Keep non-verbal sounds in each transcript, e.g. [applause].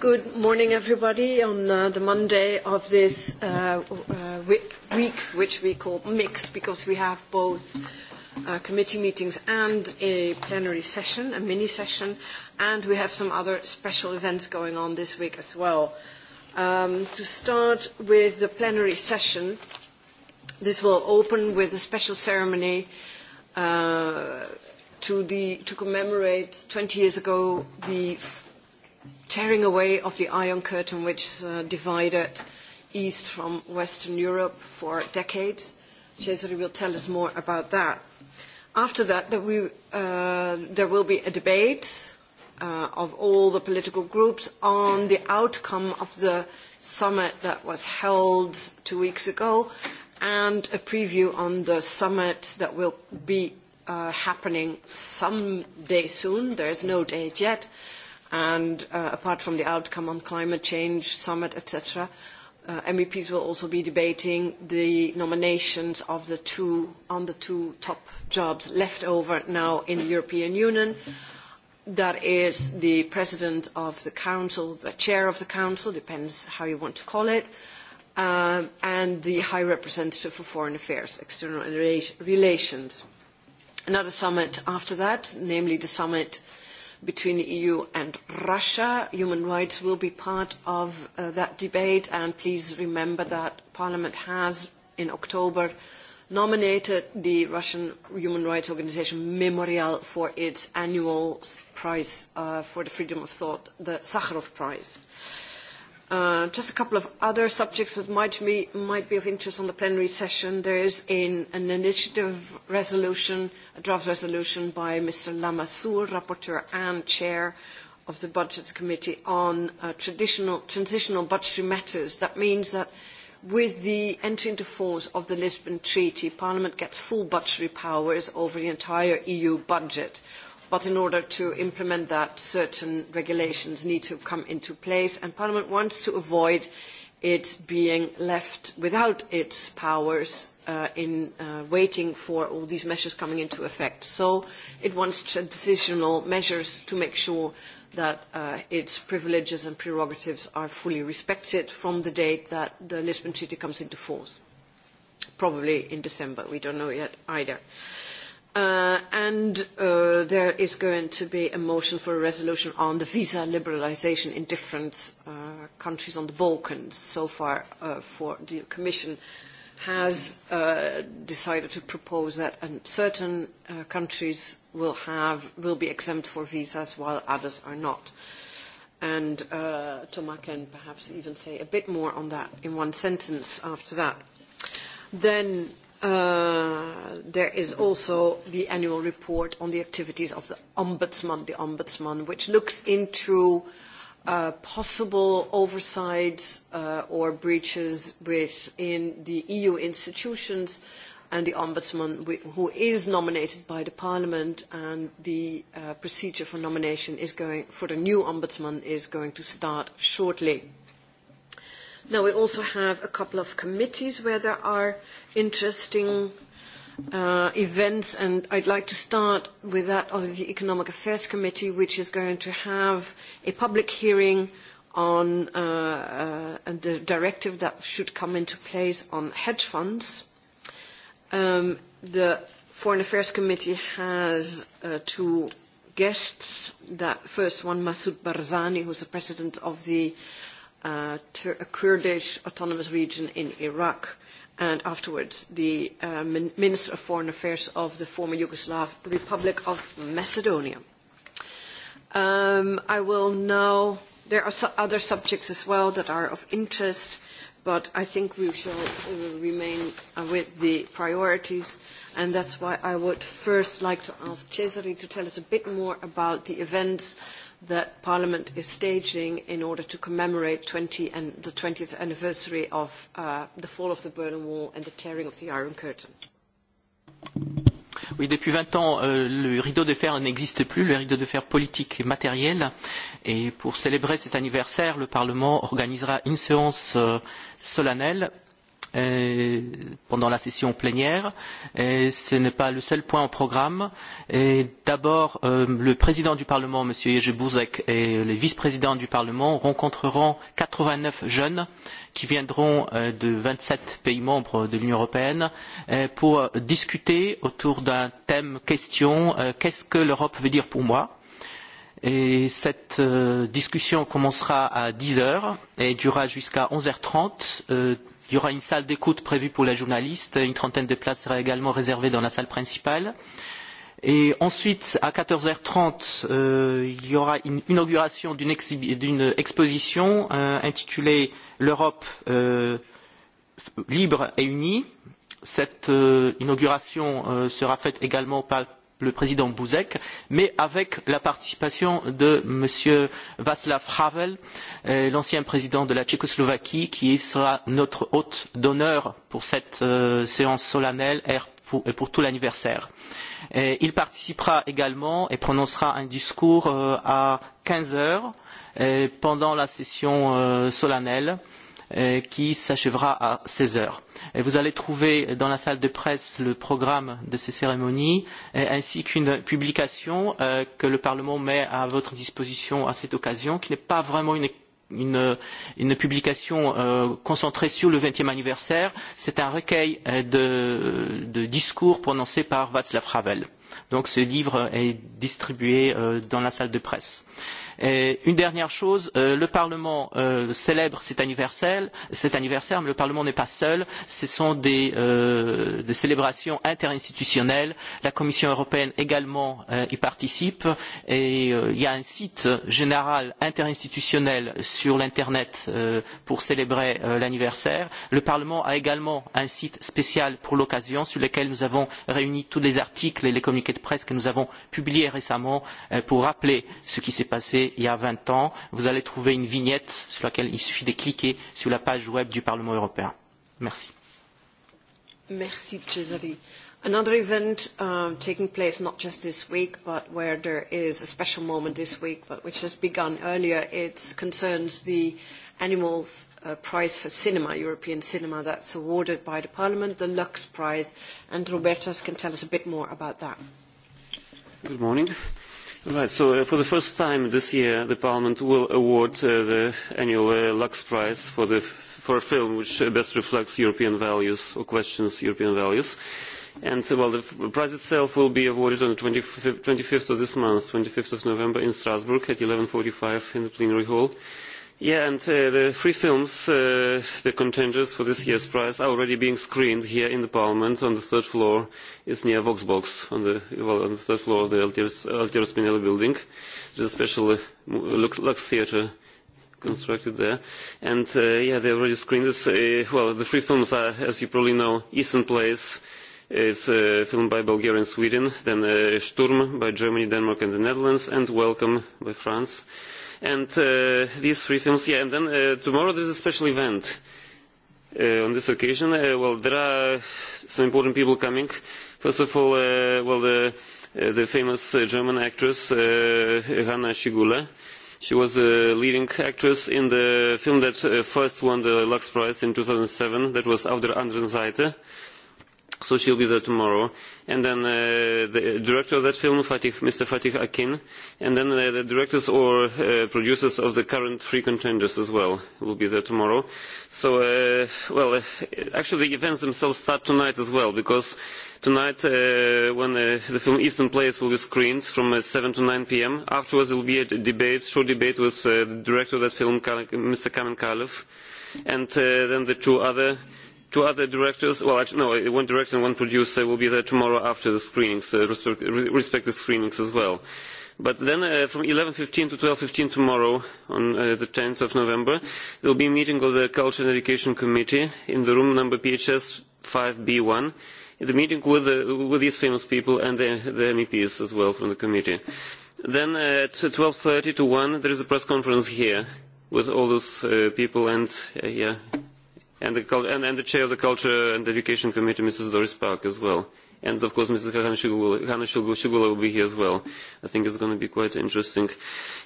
Good morning, everybody, on uh, the Monday of this uh, uh, week, which we call mixed, because we have both uh, committee meetings and a plenary session, a mini session, and we have some other special events going on this week as well. Um, to start with the plenary session, this will open with a special ceremony uh, to, the, to commemorate 20 years ago the tearing away of the Iron Curtain, which uh, divided East from Western Europe for decades. Cesare will tell us more about that. After that, there, uh, there will be a debate uh, of all the political groups on the outcome of the summit that was held two weeks ago and a preview on the summit that will be uh, happening someday soon. There is no date yet. Uh, And uh, apart from the outcome on climate change, summit, etc., uh, MEPs will also be debating the nominations of the two, on the two top jobs left over now in the European Union. That is the president of the council, the chair of the council, depends how you want to call it, uh, and the high representative for foreign affairs, external relations. Another summit after that, namely the summit uh, between the EU and Russia. Human rights will be part of uh, that debate, and please remember that Parliament has, in October, nominated the Russian human rights organization Memorial for its annual prize uh, for the freedom of thought, the Sakharov Prize. Uh, just a couple of other subjects that might be, might be of interest on the plenary session. There is in, an initiative resolution, a draft resolution by Mr. Lamassoure, rapporteur and chair of the Budgets Committee on uh, traditional, transitional budgetary matters. That means that with the entry into force of the Lisbon Treaty, Parliament gets full budgetary powers over the entire EU budget but in order to implement that, certain regulations need to come into place, and Parliament wants to avoid it being left without its powers uh, in uh, waiting for all these measures coming into effect. So it wants transitional measures to make sure that uh, its privileges and prerogatives are fully respected from the date that the Lisbon Treaty comes into force, probably in December. We don't know yet either. Uh, Uh, and uh, there is going to be a motion for a resolution on the visa liberalisation in different uh, countries on the Balkans. So far, uh, for the Commission has uh, decided to propose that certain uh, countries will have will be exempt for visas while others are not. And uh, Thomas can perhaps even say a bit more on that in one sentence after that. Then Uh, there is also the annual report on the activities of the ombudsman, the ombudsman, which looks into uh, possible oversights uh, or breaches within the EU institutions and the ombudsman, who is nominated by the parliament, and the uh, procedure for nomination is going for the new ombudsman is going to start shortly. Now, we also have a couple of committees where there are interesting uh, events, and I'd like to start with that of the Economic Affairs Committee, which is going to have a public hearing on uh, uh, the directive that should come into place on hedge funds. Um, the Foreign Affairs Committee has uh, two guests. That first one, Masoud Barzani, who's the president of the uh, Uh, to a Kurdish autonomous region in Iraq. And afterwards, the uh, Min Minister of Foreign Affairs of the former Yugoslav Republic of Macedonia. Um, I will now, there are su other subjects as well that are of interest, but I think we shall uh, remain uh, with the priorities, and that's why I would first like to ask Cesare to tell us a bit more about the events that Parliament is staging in order to commemorate 20 and the 20th anniversary of uh, the fall of the Berlin Wall and the tearing of the Iron Curtain. Oui, depuis 20 ans, euh, le rideau de fer n'existe plus, le rideau de fer politique et matériel. Et pour célébrer cet anniversaire, le Parlement organisera une séance euh, solennelle Euh, pendant la session plénière. Et euh, ce n'est pas le seul point au programme. Euh, d'abord, euh, le président du Parlement, M. Jebouzek, et les vice-présidents du Parlement rencontreront 89 jeunes qui viendront euh, de 27 pays membres de l'Union européenne euh, pour discuter autour d'un thème question euh, Qu'est-ce que l'Europe veut dire pour moi Et cette euh, discussion commencera à 10 heures et durera jusqu'à 11h30. Euh, Il y aura une salle d'écoute prévue pour les journalistes. Une trentaine de places sera également réservée dans la salle principale. Et ensuite, à 14h30, euh, il y aura une inauguration d'une exposition euh, intitulée L'Europe euh, libre et unie. Cette euh, inauguration euh, sera faite également par le président Buzek, mais avec la participation de M. Václav Havel, euh, l'ancien président de la Tchécoslovaquie, qui sera notre hôte d'honneur pour cette euh, séance solennelle et pour, pour tout l'anniversaire. il participera également et prononcera un discours euh, à 15 heures euh, pendant la session euh, solennelle. Euh, Euh, qui s'achèvera à 16 heures. Et vous allez trouver dans la salle de presse le programme de ces cérémonies euh, ainsi qu'une publication euh, que le Parlement met à votre disposition à cette occasion, qui n'est pas vraiment une une, une publication euh, concentrée sur le 20e anniversaire. C'est un recueil euh, de, de discours prononcés par Václav Havel. Donc ce livre est distribué euh, dans la salle de presse. Et une dernière chose, euh, le Parlement euh, célèbre cet anniversaire, cet anniversaire, mais le Parlement n'est pas seul. Ce sont des, euh, des célébrations interinstitutionnelles. La Commission européenne également euh, y participe. Et euh, il y a un site général interinstitutionnel sur l'Internet euh, pour célébrer euh, l'anniversaire. Le Parlement a également un site spécial pour l'occasion sur lequel nous avons réuni tous les articles et les communications communiqué de presse que nous avons publié récemment euh, pour rappeler ce qui s'est passé il y a 20 ans. Vous allez trouver une vignette sur laquelle il suffit de cliquer sur la page web du Parlement européen. Merci. Merci, Cesare. Another event um, taking place not just this week, but where there is a special moment this week, but which has begun earlier, it concerns the animal prize for cinema, European cinema, that's awarded by the Parliament, the Lux Prize, and Robertas can tell us a bit more about that. Good morning. Right, so uh, for the first time this year, the Parliament will award uh, the annual uh, Lux Prize for, the, for a film which uh, best reflects European values or questions European values. And uh, well, the prize itself will be awarded on the 25th, 25th of this month, 25th of November in Strasbourg at 11.45 in the plenary hall Yeah, and uh, the three films, uh, the contenders for this year's prize, are already being screened here in the Parliament on the third floor. It's near Voxbox, on the, well, on the third floor of the Altiero Spinelli building. There's a special uh, Lux, Theatre constructed there. And uh, yeah, they already screened this. Uh, well, the three films are, as you probably know, Eastern Place, is a uh, film by Bulgaria and Sweden, then uh, Sturm by Germany, Denmark and the Netherlands, and Welcome by France and uh, these three films. Yeah, and then uh, tomorrow there's a special event Uh, on this occasion. uh, Well, there are some important people coming. First of all, uh, well, the, uh, the famous uh, German actress uh, Hanna Schigula. She was a leading actress in the film that uh, first won the Lux Prize in 2007. That was Auf der anderen Seite so she will be there tomorrow. And then uh, the director of that film, Fatih, Mr. Fatih Akin, and then uh, the directors or uh, producers of the current three contenders as well will be there tomorrow. So, uh, well, uh, actually the events themselves start tonight as well, because tonight uh, when uh, the film Eastern Place will be screened from uh, 7 to 9 p.m. Afterwards there will be a debate, short debate with uh, the director of that film, Mr. Kamen Kalev, and uh, then the two other two other directors well no one director and one producer will be there tomorrow after the screenings uh, respective screenings as well but then uh, from 11.15 to 12.15 tomorrow on uh, the 10th of november there will be a meeting of the culture and education committee in the room number phs 5b1 the meeting with, the, with these famous people and the, the meps as well from the committee then uh, at 12.30 to 1 there is a press conference here with all those uh, people and uh, yeah and the, and, the chair of the Culture and Education Committee, Mrs. Doris Park, as well. And of course, Mrs. hanna Shigula, will be here as well. I think it's going to be quite interesting.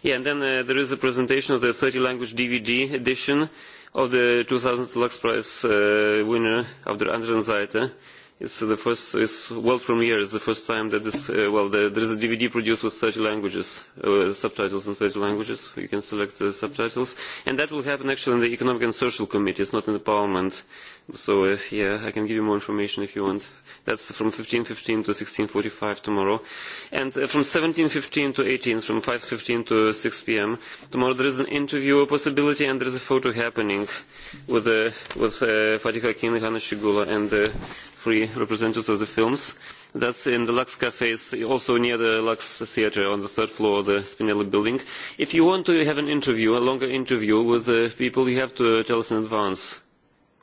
Yeah, and then uh, there is a presentation of the 30 language DVD edition of the 2000 Lux Prize uh, winner, Abdur Andren Zaita eh? it's the first it's world premiere it's the first time that this uh, well the, there is a DVD produced with such languages uh, subtitles in such languages you can select the uh, subtitles and that will happen actually in the economic and social committee it's not in the parliament so uh, yeah I can give you more information if you want that's from 1515 to 1645 tomorrow and uh, from 1715 to 18 from 515 to 6 p.m. tomorrow there is an interview possibility and there is a photo happening with uh, with uh, Fatih Akin Hannah Shigula and uh, three representatives of the films. That's in the Lux Cafes, also near the Lux Theatre on the third floor of the Spinelli building. If you want to have an interview, a longer interview with the people, you have to tell us in advance.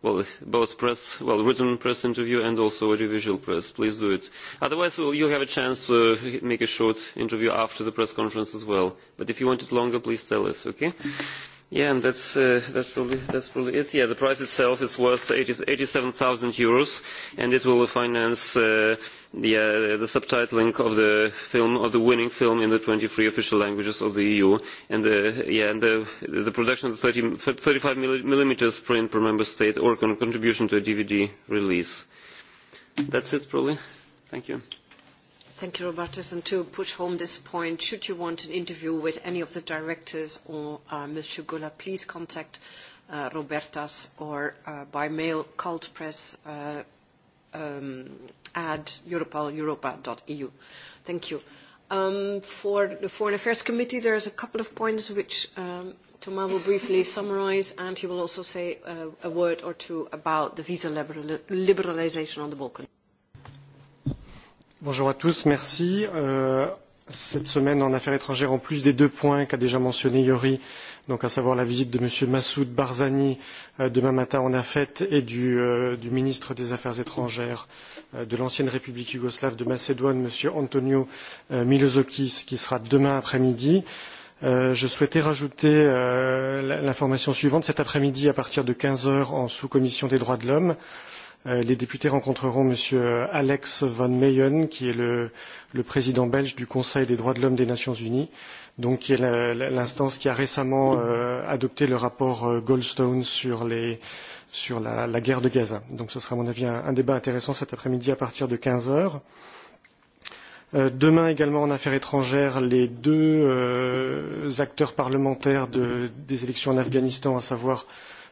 Well, both press, well, written press interview and also audiovisual press. Please do it. Otherwise, well, you have a chance to make a short interview after the press conference as well. But if you want it longer, please tell us, okay? Mm -hmm Yeah, and that's, uh, that's, probably, that's probably it. Yeah, the price itself is worth 80, 87,000 euros, and it will finance uh, the, uh, the subtitling of the film, of the winning film in the 23 official languages of the EU, and, uh, yeah, and the, the production of the 35 millimeters print per member state or con contribution to a DVD release. That's it, probably. Thank you. Thank you, Robertus. And to push home this point, should you want an interview with any of the directors or uh, Monsieur Gola, please contact uh, Robertas or uh, by mail, cult press uh, um, at europal.europa.eu. Thank you. Um, for the Foreign Affairs Committee, there is a couple of points which um, Thomas will briefly [laughs] summarize, and he will also say uh, a word or two about the visa liberal liberalization on the Balkans. Bonjour à tous, merci. Euh, cette semaine en affaires étrangères, en plus des deux points qu'a déjà mentionné Yori, donc à savoir la visite de M. Massoud Barzani euh, demain matin en AFET et du, euh, du ministre des Affaires étrangères de l'ancienne République yougoslave de Macédoine, M. Antonio euh, Milozokis, qui sera demain après-midi. Euh, je souhaitais rajouter euh, l'information suivante. Cet après-midi, à partir de 15h en sous-commission des droits de l'homme, euh, Euh, les députés rencontreront M. Alex Van Meyen, qui est le, le président belge du Conseil des droits de l'homme des Nations Unies, donc qui est l'instance qui a récemment euh, adopté le rapport euh, Goldstone sur, les, sur la, la guerre de Gaza. Donc ce sera à mon avis un, un débat intéressant cet après-midi à partir de 15 heures. Euh, demain également en affaires étrangères, les deux euh, acteurs parlementaires de, des élections en Afghanistan, à savoir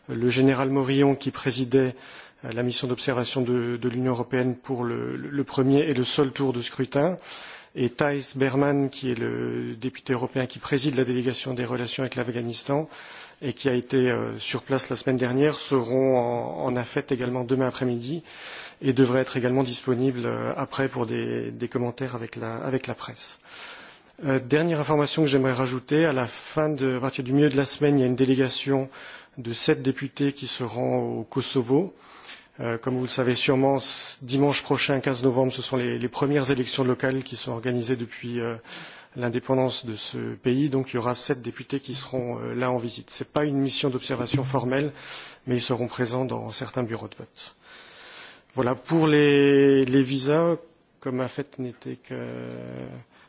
le général Morillon qui présidait euh, Euh, la mission d'observation de, de l'Union européenne pour le, le premier et le seul tour de scrutin. Et Thijs Berman, qui est le député européen qui préside la délégation des relations avec l'Afghanistan et qui a été euh, sur place la semaine dernière, seront en, en affect également demain après-midi et devraient être également disponibles euh, après pour des, des commentaires avec la, avec la presse. Euh, dernière information que j'aimerais rajouter, à la fin de, à partir du milieu de la semaine, il y a une délégation de sept députés qui se rend au Kosovo. Euh, comme vous le savez sûrement, dimanche prochain, 15 novembre, ce sont les, les premières élections locales qui sont organisées depuis euh, l'indépendance de ce pays. Donc il y aura sept députés qui seront euh, là en visite. Ce n'est pas une mission d'observation formelle, mais ils seront présents dans certains bureaux de vote. Voilà, pour les, les visas, comme Afet n'était que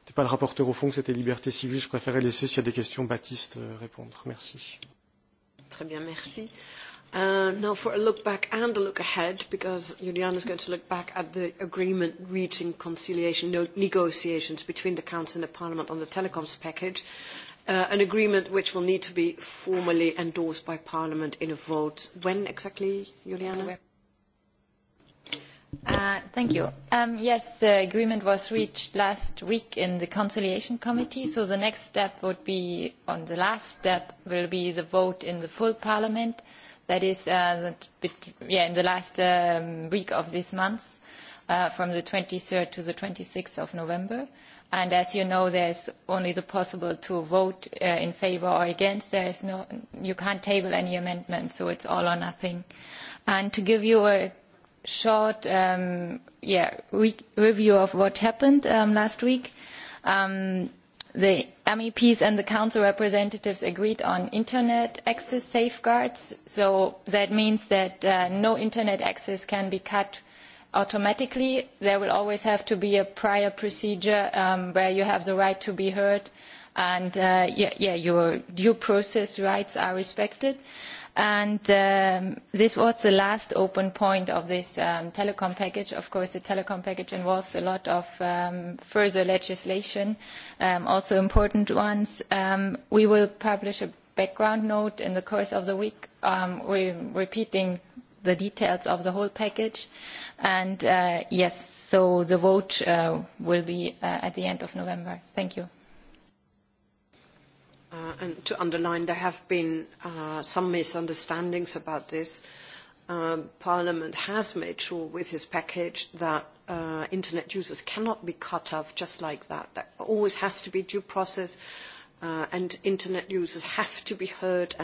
Ce pas le rapporteur au fond, c'était Liberté civile, je préférais laisser, s'il y a des questions, Baptiste euh, répondre. Merci. Très bien, merci. Uh, now for a look back and a look ahead, because Juliana is going to look back at the agreement reaching conciliation no negotiations between the Council and the Parliament on the telecoms package, uh, an agreement which will need to be formally endorsed by Parliament in a vote. When exactly, Juliana? Uh, thank you. Um, yes, the agreement was reached last week in the Conciliation Committee, so the next step would be, on the last step, will be the vote in the full Parliament that is uh, the, yeah, in the last um, week of this month, uh, from the 23rd to the 26th of November. And as you know, there's only the possible to vote uh, in favor or against. There is no, you can't table any amendments, so it's all or nothing. And to give you a short um, yeah, re review of what happened um, last week, um, the meps and the council representatives agreed on internet access safeguards so that means that uh, no internet access can be cut automatically there will always have to be a prior procedure um, where you have the right to be heard and uh, yeah, yeah, your due process rights are respected. Uh, And um, this was the last open point of this um, telecom package. Of course, the telecom package involves a lot of um, further legislation, um, also important ones. Um, we will publish a background note in the course of the week. Um, we're repeating the details of the whole package. And uh, yes, so the vote uh, will be uh, at the end of November. Thank you. Uh, and to underline, there have been uh, some misunderstandings about this. Um, Parliament has made sure with his package that uh, internet users cannot be cut off just like that. There always has to be due process, uh, and internet users have to be heard.